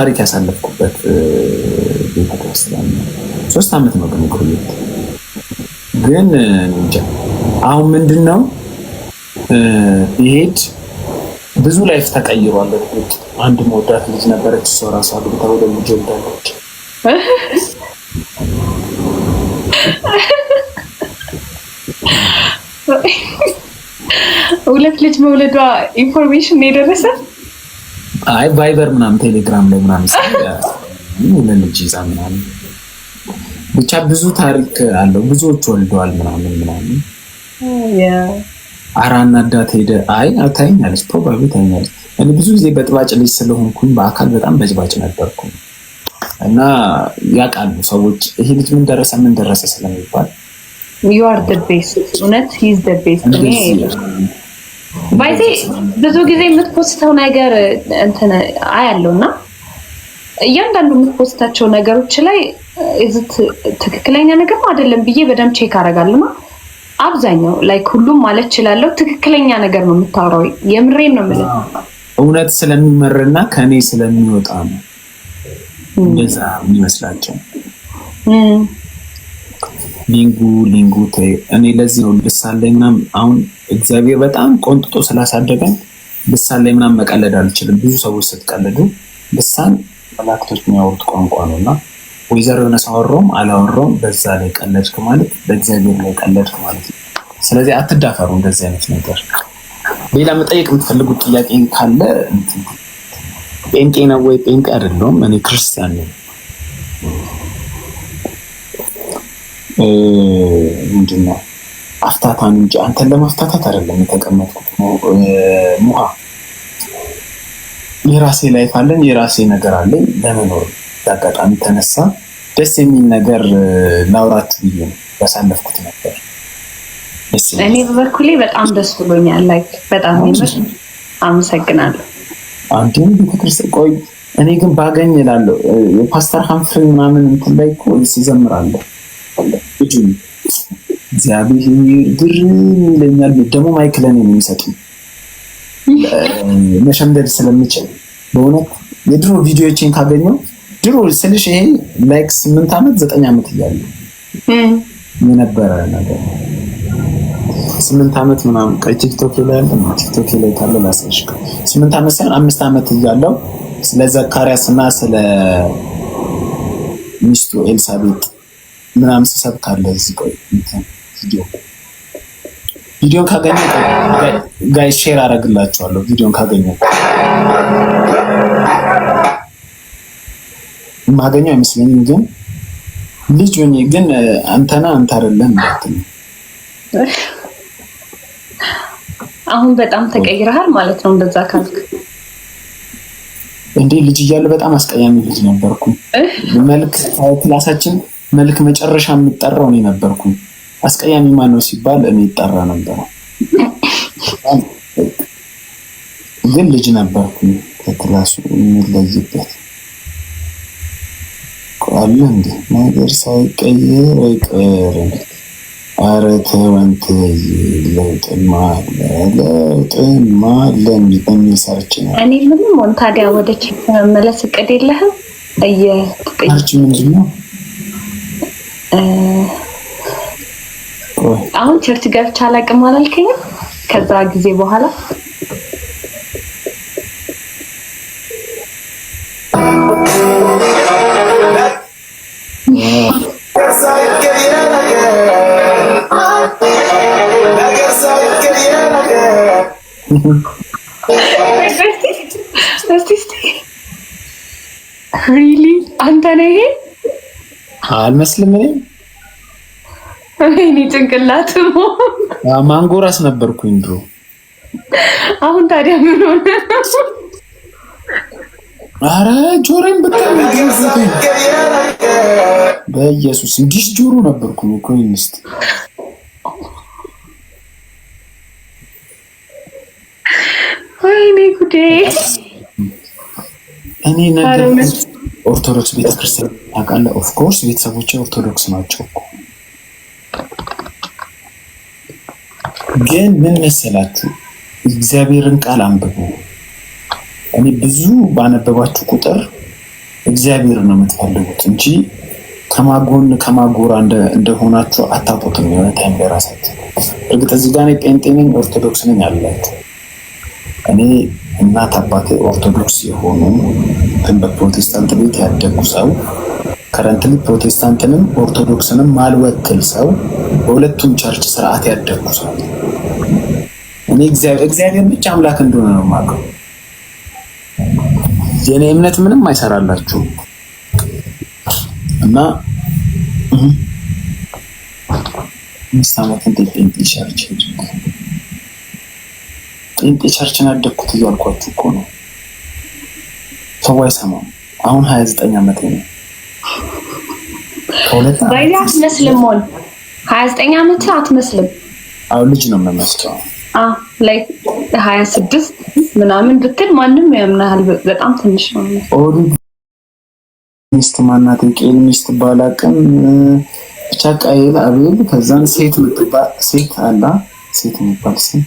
ታሪክ ያሳለፍኩበት ቤተክርስቲያን ሶስት ዓመት ነው ግን ቆየት ግን እንጃ አሁን ምንድን ነው ይሄድ ብዙ ላይፍ ተቀይሯል። እርግጥ አንድ መወዳት ልጅ ነበረች። እሷ ራሷ አግብታ ወደ ልጅ ወልዳለች። ሁለት ልጅ መውለዷ ኢንፎርሜሽን የደረሰ አይ ቫይበር ምናምን ቴሌግራም ላይ ምናምን ለልጅ ይዛ ምናምን ብቻ ብዙ ታሪክ አለው። ብዙዎች ወልደዋል ምናምን ምናምን አራ እናዳት ሄደ። አይ ታይኛለች፣ ፕሮባብሊ ታይኛለች። እኔ ብዙ ጊዜ በጥባጭ ልጅ ስለሆንኩኝ በአካል በጣም በጭባጭ ነበርኩ እና ያውቃሉ ሰዎች ይሄ ልጅ ምን ደረሰ ምን ደረሰ ስለሚባል ዩ አር ዘ ቤስት እውነት ሂዝ ዘ ቤስት ባይዜ ብዙ ጊዜ የምትፖስተው ነገር እንትን አያለው እና እያንዳንዱ የምትፖስታቸው ነገሮች ላይ እዝት ትክክለኛ ነገር አይደለም ብዬ በደንብ ቼክ አደርጋለሁ እና አብዛኛው ላይ ሁሉም ማለት እችላለሁ ትክክለኛ ነገር ነው የምታወራው። የምሬን ነው የምልህ። እውነት ስለሚመርና ከእኔ ስለሚወጣ ነው እንደዛ የሚመስላቸው። ሊንጉ ሊንጉ እኔ ለዚህ ነው ልሳን ላይ ምናምን አሁን እግዚአብሔር በጣም ቆንጥጦ ስላሳደገን ልሳን ላይ ምናምን መቀለድ አልችልም። ብዙ ሰዎች ስትቀልዱ ልሳን መላእክቶች የሚያወሩት ቋንቋ ነው እና ወይዘሮ የሆነ ሰው አወራውም አላወራውም በዛ ላይ ቀለድክ ማለት በእግዚአብሔር ላይ ቀለድክ ማለት ነው። ስለዚህ አትዳፈሩ እንደዚህ አይነት ነገር። ሌላ መጠየቅ የምትፈልጉት ጥያቄ ካለ ጴንጤ ነው ወይ? ጴንጤ አይደለሁም እኔ ክርስቲያን ነኝ። ምንድን ነው አፍታታ እንጂ አንተን ለማፍታታት አይደለም የተቀመጥኩት። ሙሃ የራሴ ላይፍ አለኝ፣ የራሴ ነገር አለኝ ለመኖር አጋጣሚ ተነሳ። ደስ የሚል ነገር ላውራት ብዬ ነው ያሳለፍኩት ነበር። እኔ በበኩሌ በጣም ደስ ብሎኛል። ላይክ በጣም አመሰግናለሁ። አንዴም ቤተክርስቲያን ቆይ፣ እኔ ግን ባገኝ እላለሁ። የፓስተር ሀንፍሪ ምናምን እንትን ላይ እኮ ይዘምራለሁ እጁ እግዚአብሔር ብር ይለኛል። ደግሞ ማይክ ለኔ ነው የሚሰጡኝ መሸምደድ ስለምችል በእውነት የድሮ ቪዲዮዎችን ካገኘው ድሮ ስልሽ ይሄ ላይክ ስምንት ዓመት ዘጠኝ ዓመት የነበረ ነገር ስምንት ዓመት ምናምን ላይ ያለ ቲክቶክ ላይ ካለ ስምንት ዓመት ሳይሆን አምስት ዓመት እያለው ስለ እና ስለ ሚስቱ ኤልሳቤጥ ምናምን ስሰብካለሁ እዚህ። ቆይ ቪዲዮ ቪዲዮን ካገኘ ጋይ ሼር አደርግላችኋለሁ። ቪዲዮን ካገኘ የማገኘው አይመስለኝም፣ ግን ልጅ ሆኜ ግን አንተና አንተ አይደለም ማለት ነው። አሁን በጣም ተቀይረሃል ማለት ነው እንደዛ ካልክ እንዴ። ልጅ እያለ በጣም አስቀያሚ ልጅ ነበርኩ። መልክ ክላሳችን መልክ መጨረሻ የምጠራው እኔ ነበርኩኝ። አስቀያሚ ማን ነው ሲባል እኔ ይጠራ ነበር፣ ግን ልጅ ነበርኩ ከክላሱ የምለይበት አለ እንዲ ነገር ሳይቀየር አይቀርም። አረ ተወንትዬ ለውጥማ ለውጥማ አለ የሚል ሰርች ነው። እኔ ምንም ታዲያ ወደች መለስ እቅድ የለህም? እየ ሰርች ምንድን አሁን ቸርች ገብቼ አላውቅም አላልከኝም? ከዛ ጊዜ በኋላ ሪሊ አንተ ነህ አልመስልም እኔ እኔ ጭንቅላት ማንጎ ማንጎራስ ነበርኩኝ ድሮ። አሁን ታዲያ ምን ሆነ? አረ ጆሮን በጣም በኢየሱስ እንግዲህ ጆሮ ነበርኩኝ እኮ ይንስት ወይኔ ጉዴ! እኔ ነገር ኦርቶዶክስ ቤተክርስቲያን ታውቃለህ? ኦፍኮርስ ቤተሰቦቼ ኦርቶዶክስ ናቸው እኮ ግን ምን መሰላችሁ እግዚአብሔርን ቃል አንብቡ። እኔ ብዙ ባነበባችሁ ቁጥር እግዚአብሔር ነው የምትፈልጉት እንጂ ከማጎን ከማጎራ እንደሆናችሁ አታውቁትም። የሆነ ታይም ላይ እርግጥ እዚህ ጋር ጴንጤ ነኝ ኦርቶዶክስ ነኝ አላችሁ። እኔ እናት አባቴ ኦርቶዶክስ የሆኑ ግን በፕሮቴስታንት ቤት ያደጉ ሰው ከረንትን ፕሮቴስታንትንም ኦርቶዶክስንም ማልወክል ሰው በሁለቱም ቸርች ስርዓት ያደግኩ ሰው እኔ እግዚአብሔር ብቻ አምላክ እንደሆነ ነው የማውቀው። የኔ እምነት ምንም አይሰራላችሁ እና አምስት ጴንጤ ቸርች ጴንጤ ቸርችን አደግኩት እያልኳችሁ እኮ ነው። ሰው አይሰማም። አሁን ሀያ ዘጠኝ ዓመት ነው። ባይላ አትመስልም። ሞል ሀያ ዘጠኝ ዓመት አትመስልም። አሁን ልጅ ነው የምመስለው። ላይ ሀያ ስድስት ምናምን ብትል ማንም ያምናል። በጣም ትንሽ ነው። ሚስት ማናት? የቄል ሚስት ባላቅም ብቻ ቀይል አቤል፣ ከዛን ሴት ምትባ ሴት አላ ሴት የሚባል ስም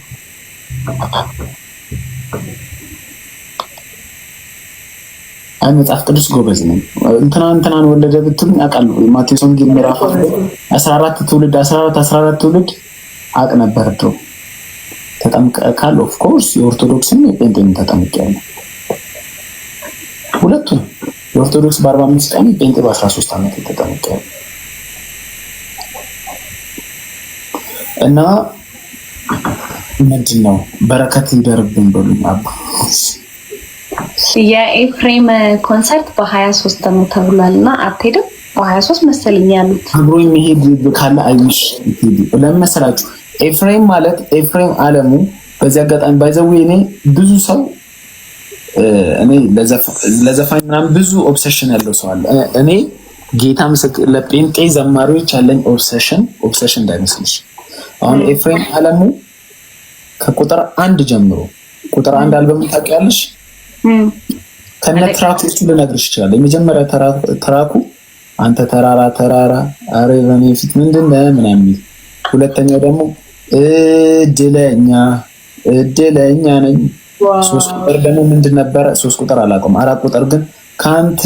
አይ መጽሐፍ ቅዱስ ጎበዝ ነው እንትና እንትናን ወለደ ብትሉኝ አውቃለሁ። ማቴዎስ ወንጌል ምዕራፍ 14 ትውልድ 14 14 ትውልድ አቅ ነበር ድሮ ተጠምቀካል። ኦፍኮርስ የኦርቶዶክስን የጴንጤን ተጠምቄያለሁ። ሁለቱ የኦርቶዶክስ በአርባ አምስት ቀን ጴንጤ በአስራ ሶስት ዓመት ተጠምቄያለሁ እና ምንድን ነው በረከት ይደርብን በሉኝ አባ የኤፍሬም ኮንሰርት በሀያ ሶስት ነው ተብሏል እና አትሄድም? በሀያ ሶስት መሰለኝ ያሉት አብሮ የሚሄድ ካለ አይሽ ለምን መሰላችሁ? ኤፍሬም ማለት ኤፍሬም አለሙ በዚህ አጋጣሚ ባይዘዊ እኔ ብዙ ሰው እኔ ለዘፋኝ ምናምን ብዙ ኦብሴሽን ያለው ሰው አለ። እኔ ጌታ ምስክ ለጴንጤ ዘማሪዎች ያለኝ ኦብሴሽን ኦብሴሽን እንዳይመስልሽ። አሁን ኤፍሬም አለሙ ከቁጥር አንድ ጀምሮ ቁጥር አንድ አልበም ታውቂያለሽ? ከነ ትራኮቹ ልነግርሽ ይችላል። የመጀመሪያ ትራኩ አንተ ተራራ ተራራ አረ በኔ ፊት ምንድን ነህ ምናምን የሚል ሁለተኛው ደግሞ እድለኛ እድለኛ ነኝ። ሶስት ቁጥር ደግሞ ምንድን ነበረ? ሶስት ቁጥር አላውቀውም። አራት ቁጥር ግን ከአንተ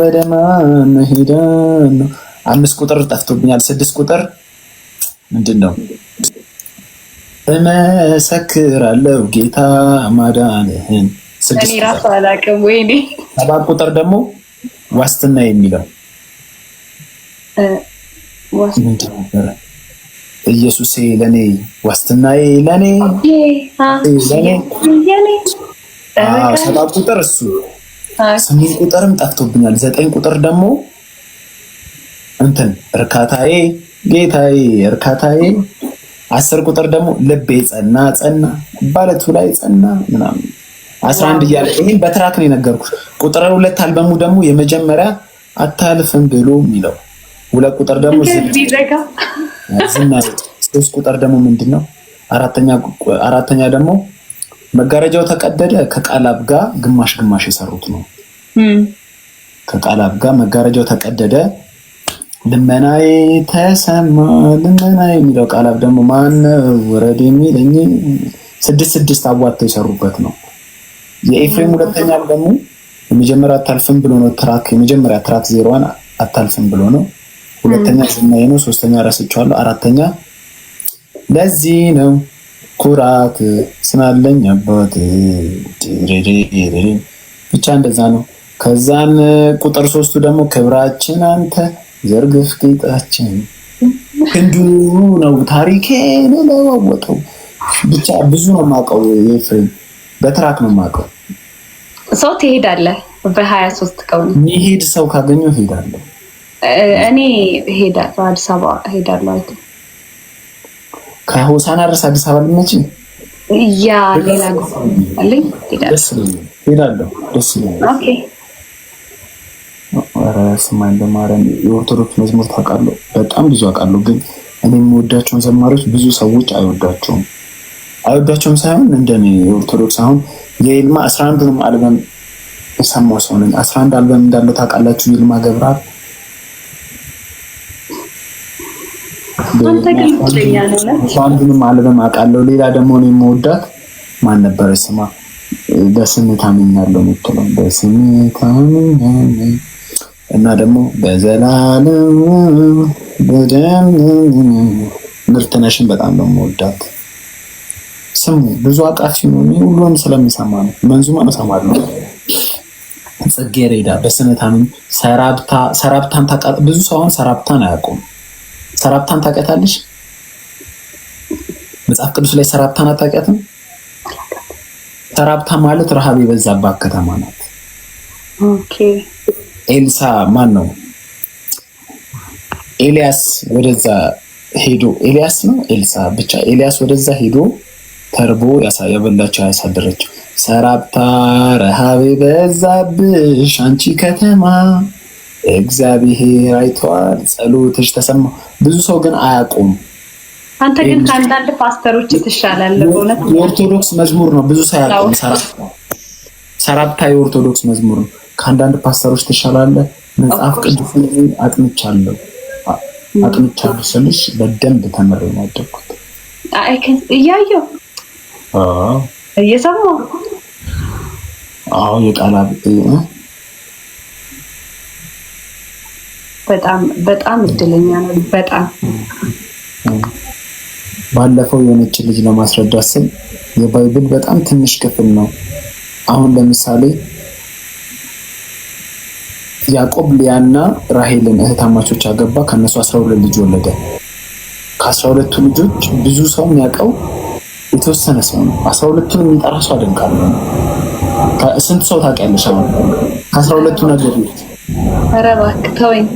ወደ ማን ሄደን ነው። አምስት ቁጥር ጠፍቶብኛል። ስድስት ቁጥር ምንድን ነው? እመሰክራለሁ ጌታ ማዳንህን ሰባት ቁጥር ደግሞ ዋስትና የሚለው ኢየሱስ ለኔ ዋስትናዬ ለኔ ሰባት ቁጥር እሱ ስምንት ቁጥርም ጠፍቶብኛል። ዘጠኝ ቁጥር ደግሞ እንትን እርካታዬ ጌታዬ እርካታዬ። አስር ቁጥር ደግሞ ልቤ ጸና ጸና ባለቱ ላይ ጸና ምናምን አስራ አንድ እያለ ይህን በትራክ ነው የነገርኩት። ቁጥር ሁለት አልበሙ ደግሞ የመጀመሪያ አታልፍም ብሎ የሚለው ሁለት ቁጥር ደግሞ ዝና፣ ሶስት ቁጥር ደግሞ ምንድን ነው? አራተኛ ደግሞ መጋረጃው ተቀደደ ከቃላብ ጋር ግማሽ ግማሽ የሰሩት ነው። ከቃላብ ጋር መጋረጃው ተቀደደ ልመናዬ ተሰማ ልመናዬ የሚለው ቃላብ ደግሞ ማን ውረድ የሚለኝ ስድስት ስድስት አዋጥተው የሰሩበት ነው። የኤፍሬም ሁለተኛ ደግሞ የመጀመሪያ አታልፍም ብሎ ነው ትራክ የመጀመሪያ ትራክ ዜሮዋን አታልፍም ብሎ ነው። ሁለተኛ ዝናዬ ነው። ሶስተኛ ረስቸዋለሁ። አራተኛ ለዚህ ነው ኩራት ስናለኝ አባት ብቻ እንደዛ ነው። ከዛን ቁጥር ሶስቱ ደግሞ ክብራችን አንተ ዘርግፍ ጌጣችን ክንዱ ነው ታሪኬ ለለዋወጠው ብቻ ብዙ ነው የማውቀው የኤፍሬም በትራክ ነው የማውቀው ሰው ትሄዳለህ። በሀያ ሶስት ቀን የሚሄድ ሰው ካገኘሁ እሄዳለሁ። እኔ እሄዳለሁ፣ አዲስ አበባ እሄዳለሁ። አይተ ከሆሳና ድረስ አዲስ አበባ ልመች ያ ሌላ አለኝ። እሄዳለሁ፣ ደስ ይለኛል። ኦኬ። ስማ እንደማርያም የኦርቶዶክስ መዝሙር ታውቃለህ? በጣም ብዙ አውቃለሁ፣ ግን እኔ የምወዳቸውን ዘማሪዎች ብዙ ሰዎች አይወዳቸውም። አይወዳቸውም ሳይሆን እንደኔ የኦርቶዶክስ አሁን የይልማ አስራ አንዱንም አልበም የሰማው ሰው ነኝ። አስራ አንድ አልበም እንዳለው ታውቃላችሁ። ይልማ ገብረአብ አንዱንም አልበም አውቃለሁ። ሌላ ደግሞ እኔ የምወዳት ማን ነበረ? ስማ በስሜት አምኛለሁ የምትለው በስሜት አምኛለሁ እና ደግሞ በዘላለም በደም ምርትነሽን በጣም ነው የምወዳት ስሙ ብዙ አቃፊ ነው። እኔ ሁሉንም ስለምሰማ ነው። መንዙማን እሰማለሁ። ጽጌረዳ በስነታምም ሰራብታ ሰራብታን ታቃ ብዙ ሰው ሰራብታን አያውቁም። ሰራብታን ታውቂያታለሽ? መጽሐፍ ቅዱስ ላይ ሰራብታን አታውቂያትም? ሰራብታ ማለት ረሃብ የበዛባት ከተማ ናት። ኦኬ ኤልሳ ማን ነው? ኤልያስ ወደዛ ሄዶ ኤልያስ ነው ኤልሳ ብቻ ኤልያስ ወደዛ ሄዶ ተርቦ የበላቸው ያሳደረች ሰራብታ ረሃብ በዛብሽ አንቺ ከተማ እግዚአብሔር አይቷል፣ ጸሎትሽ ተሰማ። ብዙ ሰው ግን አያውቁም። አንተ ግን ከአንዳንድ ፓስተሮች ትሻላለህ። የኦርቶዶክስ መዝሙር ነው፣ ብዙ ሰው አያውቁም። ሰራብታ የኦርቶዶክስ መዝሙር ነው። ከአንዳንድ ፓስተሮች ትሻላለህ። መጽሐፍ ቅዱስ አጥንቻለሁ አጥንቻለሁ ስልሽ በደንብ ተምሬ ነው ያደግኩት እያየው እየሰማሁ አዎ፣ የቃላት በጣም በጣም እድለኛ ነው። በጣም ባለፈው የሆነች ልጅ ለማስረዳት ስል የባይብል በጣም ትንሽ ክፍል ነው። አሁን ለምሳሌ ያዕቆብ ሊያና ራሄልን እህታማቾች አገባ። ከእነሱ አስራ ሁለት ልጅ ወለደ። ከአስራ ሁለቱ ልጆች ብዙ ሰው የሚያውቀው የተወሰነ ሰው ነው። አስራ ሁለቱን የሚጠራ ሰው አደንቃለሁ። ስንት ሰው ታውቂያለሽ? አሁን ከአስራ ሁለቱ ነገር ኧረ እባክህ ተወኝ።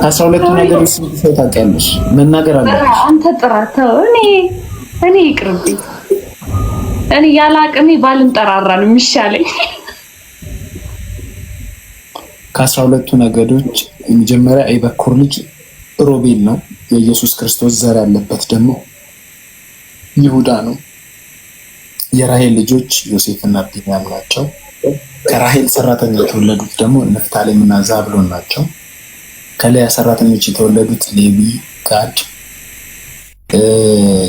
ከአስራ ሁለቱ ነገር ስንት ሰው ታውቂያለሽ? መናገር አለ። አንተ ጥራ። ተው፣ እኔ እኔ ይቅርብኝ። እኔ ያለ አቅሜ ባልንጠራራ ነው የሚሻለኝ። ከአስራ ሁለቱ ነገዶች የመጀመሪያ የበኩር ልጅ ሮቤል ነው፣ የኢየሱስ ክርስቶስ ዘር ያለበት ደግሞ ይሁዳ ነው። የራሄል ልጆች ዮሴፍና ብንያም ናቸው። ከራሄል ሰራተኛ የተወለዱት ደግሞ ንፍታሌምና ዛብሎን ናቸው። ከሊያ ሰራተኞች የተወለዱት ሌዊ፣ ጋድ፣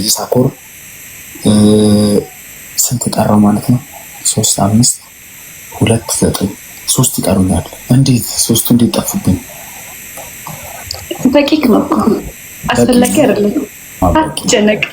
ይሳኮር ስንት ቀረው ማለት ነው? ሶስት አምስት ሁለት ዘጠኝ ሶስት ይቀሩኛል። እንዴት ሶስቱ እንዴት ጠፉብኝ? ደቂቅ ነው አስፈላጊ አይደለም። አትጨነቅ።